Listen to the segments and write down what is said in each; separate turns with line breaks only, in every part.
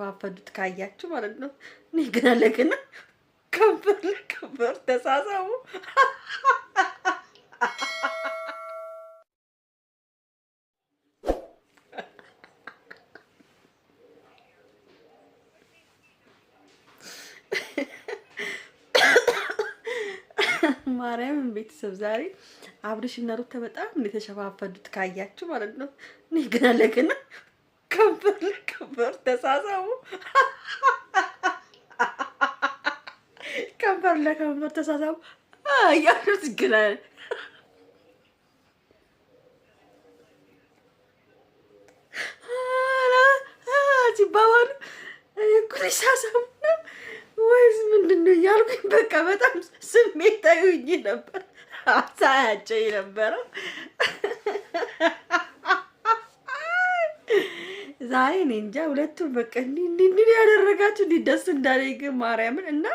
ባፈዱት ካያችሁ ማለት ነው። እኔ አለ ለገና ከበር ከበር ተሳሳቡ። ማርያምን ቤተሰብ ዛሬ አብርሽ እና ሩታ በጣም የተሸፋፈዱት ካያችሁ ማለት ነው። እኔ አለ ለገና ክብር ክብር ተሳሰቡ። ከንፈር ለከንፈር ተሳሰቡ እያሉት ግን ሲባባሉ እኩል ሳሰቡ ወይስ ምንድን ነው እያልኩኝ በቃ በጣም ስሜታዊ ነበር። ሳያቸው ነበረው ዛሬ እኔ እንጃ ሁለቱም በቃ እንዲህ ያደረጋችሁ እንዲህ ደስ እንዳለኝ ግን ማርያምን እና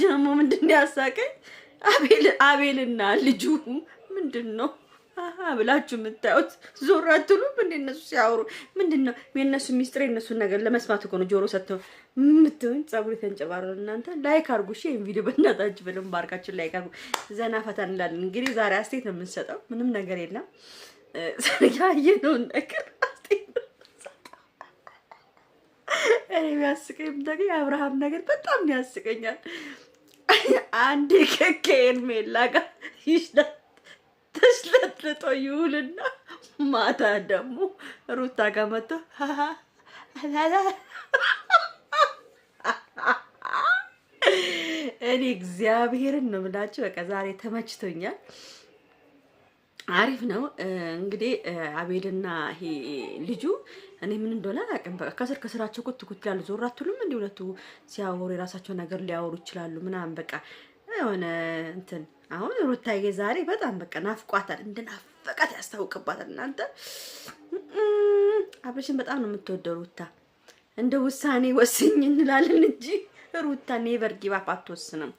ደግሞ ምንድን ያሳቀኝ አቤልና ልጁ ምንድን ነው ብላችሁ የምታዩት ዞር አትሉም? እንደ እነሱ ሲያወሩ ምንድን ነው የእነሱ ሚስጥር የእነሱን ነገር ለመስማት እኮ ነው ጆሮ ሰጥተው የምትሆን ጸጉር የተንጨባረ እናንተ ላይክ አርጉ። እሺ ይህን ቪዲዮ በእናታችሁ በደንብ ባርካችሁ ላይክ አርጉ። ዘና ፈታ እንላለን። እንግዲህ ዛሬ አስቴት ነው የምንሰጠው። ምንም ነገር የለም። ያየነውን ነገር እኔ የሚያስቀኝ ነገር የአብርሃም ነገር በጣም ያስቀኛል። አንዴ ከሄርሜላ ጋር ተሽለጥልጦ ይውልና ማታ ደግሞ ሩታ ጋር መጥቶ እኔ እግዚአብሔርን ነው የምላችሁ። በቃ ዛሬ ተመችቶኛል። አሪፍ ነው እንግዲህ አቤልና ይሄ ልጁ እኔ ምን እንደሆነ አላውቅም። በቃ ከስር ከስራቸው ኩት ኩት ይላሉ። ዞር አትሉም? እንዲህ ሁለቱ ሲያወሩ የራሳቸው ነገር ሊያወሩ ይችላሉ ምናምን በቃ የሆነ እንትን አሁን ሩታዬ ዛሬ በጣም በቃ ናፍቋታል። እንደ ያስታውቅባታል። እናንተ አብረሽን በጣም ነው የምትወደው ሩታ። እንደ ውሳኔ ወስኝ እንላለን እንጂ ሩታ ኔቨር ጊቭ አትወስንም።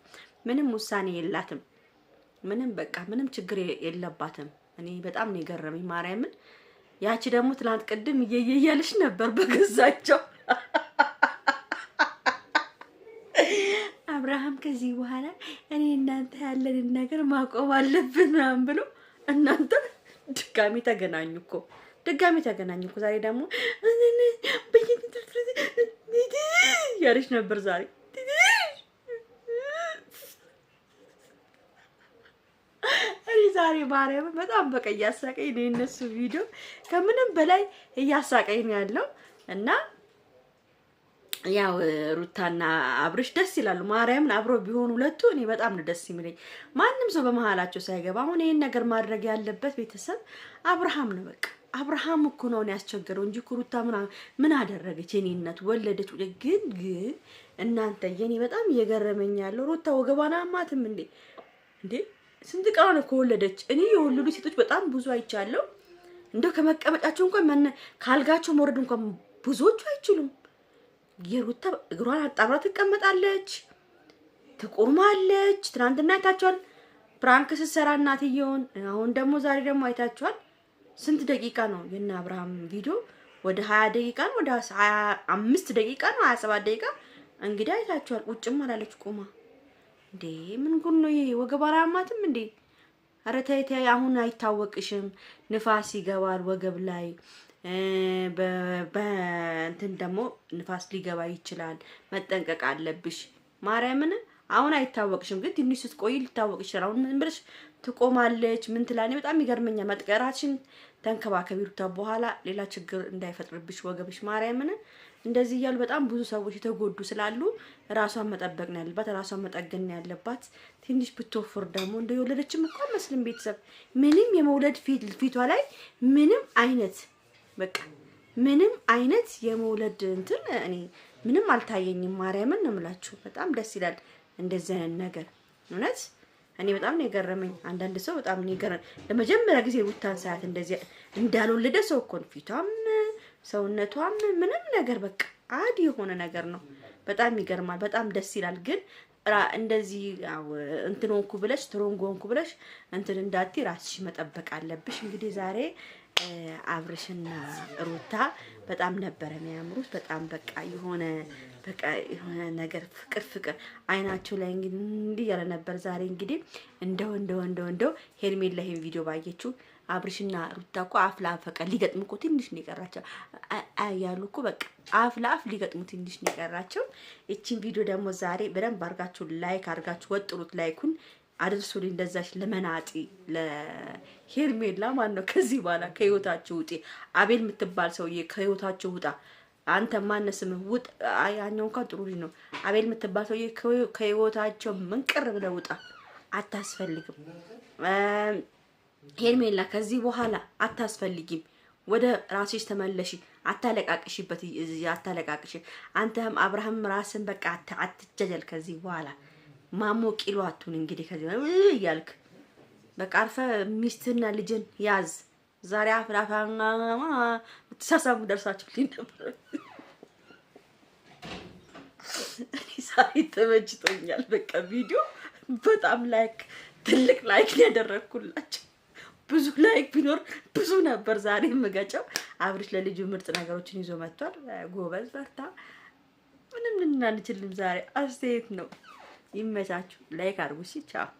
ምንም ውሳኔ የላትም። ምንም በቃ ምንም ችግር የለባትም። እኔ በጣም ነው የገረመኝ ማርያምን። ያቺ ደግሞ ትላንት ቅድም እየየያልሽ ነበር በገዛቸው አብርሃም ከዚህ በኋላ እኔ እናንተ ያለንን ነገር ማቆም አለብን ምናምን ብሎ እናንተ ድጋሚ ተገናኙ እኮ ድጋሚ ተገናኙ እኮ ዛሬ ደግሞ ያለች ነበር ዛሬ ዛሬ ማርያም በጣም በቃ እያሳቀኝ ነው። የነሱ ቪዲዮ ከምንም በላይ እያሳቀኝ ነው ያለው እና ያው ሩታና አብርሽ ደስ ይላሉ። ማርያምን አብሮ ቢሆን ሁለቱ እኔ በጣም ነው ደስ የሚለኝ፣ ማንም ሰው በመሀላቸው ሳይገባ። አሁን ይህን ነገር ማድረግ ያለበት ቤተሰብ አብርሃም ነው። በቃ አብርሃም እኮ ነው ያስቸገረው እንጂ ሩታ ምን አደረገች? የኔነት ወለደች። ግን ግን እናንተ የኔ በጣም እየገረመኝ ያለው ሩታ ወገቧን አማትም እንዴ እንዴ ስንት ቀኗ ከወለደች? እኔ የወለዱ ሴቶች በጣም ብዙ አይቻለሁ። እንደው ከመቀመጫቸው እንኳን ካልጋቸው መውረድ እንኳን ብዙዎቹ አይችሉም። የሩታ እግሯን አጣምራ ትቀመጣለች፣ ትቆማለች። ትናንትና አይታችኋል ፕራንክ ስትሰራ እናትየውን። አሁን ደግሞ ዛሬ ደግሞ አይታችኋል። ስንት ደቂቃ ነው የእነ አብርሃም ቪዲዮ? ወደ ሀያ ደቂቃ ነው ወደ ሀያ አምስት ደቂቃ ነው ሀያ ሰባት ደቂቃ እንግዲህ አይታችኋል። ቁጭም አላለች ቁማ እንዴ ምን ጉድ ነው ይሄ? ወገብ አላማትም እንዴ? ኧረ ተይ ተይ፣ አሁን አይታወቅሽም። ንፋስ ይገባል ወገብ ላይ በእንትን ደግሞ ንፋስ ሊገባ ይችላል። መጠንቀቅ አለብሽ ማርያምን። አሁን አይታወቅሽም፣ ግን ትንሽ ስትቆይ ሊታወቅ ይችላል። አሁን ምን ብለሽ ትቆማለች? ምን ትላለች? በጣም ይገርመኛል። መጥቀራችን ተንከባከቢ ሩታ፣ በኋላ ሌላ ችግር እንዳይፈጥርብሽ ወገብሽ ማርያምን። እንደዚህ እያሉ በጣም ብዙ ሰዎች የተጎዱ ስላሉ ራሷን መጠበቅ ነው ያለባት፣ ራሷን መጠገን ነው ያለባት። ትንሽ ብትወፍር ደግሞ እንደ የወለደችም እኮ መስልም ቤተሰብ ምንም የመውለድ ፊቷ ላይ ምንም አይነት በቃ ምንም አይነት የመውለድ እንትን እኔ ምንም አልታየኝም። ማርያምን ነው የምላችሁ። በጣም ደስ ይላል እንደዚህ አይነት ነገር እውነት እኔ በጣም ነው የገረመኝ። አንዳንድ ሰው በጣም ነው የገረመኝ። ለመጀመሪያ ጊዜ ሩታን ሳያት እንደዚህ እንዳልወለደ ሰው እኮ ነው ፊቷም ሰውነቷም ምንም ነገር በቃ አድ የሆነ ነገር ነው። በጣም ይገርማል። በጣም ደስ ይላል። ግን እንደዚህ እንትን ሆንኩ ብለሽ ትሮንግ ሆንኩ ብለሽ እንትን እንዳቲ ራስሽ መጠበቅ አለብሽ። እንግዲህ ዛሬ አብርሽና ሩታ በጣም ነበረ የሚያምሩት። በጣም በቃ የሆነ በቃ የሆነ ነገር ፍቅር ፍቅር አይናቸው ላይ እንግዲህ ያለ ነበር። ዛሬ እንግዲህ እንደው እንደው እንደው እንደው ሄርሜላ ይሄን ቪዲዮ ባየችው አብርሽና ሩታ እኮ አፍ ለአፍ በቃ ሊገጥሙ እኮ ትንሽ ነው የቀራቸው ያሉ እኮ በቃ አፍ ለአፍ ሊገጥሙ ትንሽ ነው የቀራቸው። ይቺን ቪዲዮ ደግሞ ዛሬ በደንብ አድርጋችሁ ላይክ አድርጋችሁ ወጥሩት። ላይኩን አድርሱልኝ እንደዛሽ ለመናጢ ለሄርሜላ ማን ነው ከዚህ በኋላ ከህይወታችሁ ውጤ አቤል የምትባል ሰውዬ ከህይወታችሁ ውጣ። አንተ ማነስም ውጥ ያኛው እንኳን ጥሩ ልጅ ነው። አቤል የምትባል ሰውዬ ከህይወታቸው ምንቅር ብለህ ውጣ። አታስፈልግም። ሄርሜላ ከዚህ በኋላ አታስፈልጊም። ወደ ራስሽ ተመለሺ። አታለቃቅሽበት፣ አታለቃቅሽ። አንተም አብርሃም ራስን በቃ አትጀጀል። ከዚህ በኋላ ማሞ ቂሎ አቱን እንግዲህ ከዚህ እያልክ በቃ አርፈ ሚስትና ልጅን ያዝ። ዛሬ አፍራፋና ተሳሳሙ ደርሳቸው ሊነበር ዛሬ ተመችቶኛል። በቃ ቪዲዮ በጣም ላይክ ትልቅ ላይክ ያደረግኩላቸው ብዙ ላይክ ቢኖር ብዙ ነበር ዛሬ የምገጨው። አብርሽ ለልጁ ምርጥ ነገሮችን ይዞ መጥቷል። ጎበዝ በርታ። ምንም ልናንችልም ዛሬ አስተያየት ነው። ይመቻችሁ። ላይክ አድርጉ። ቻው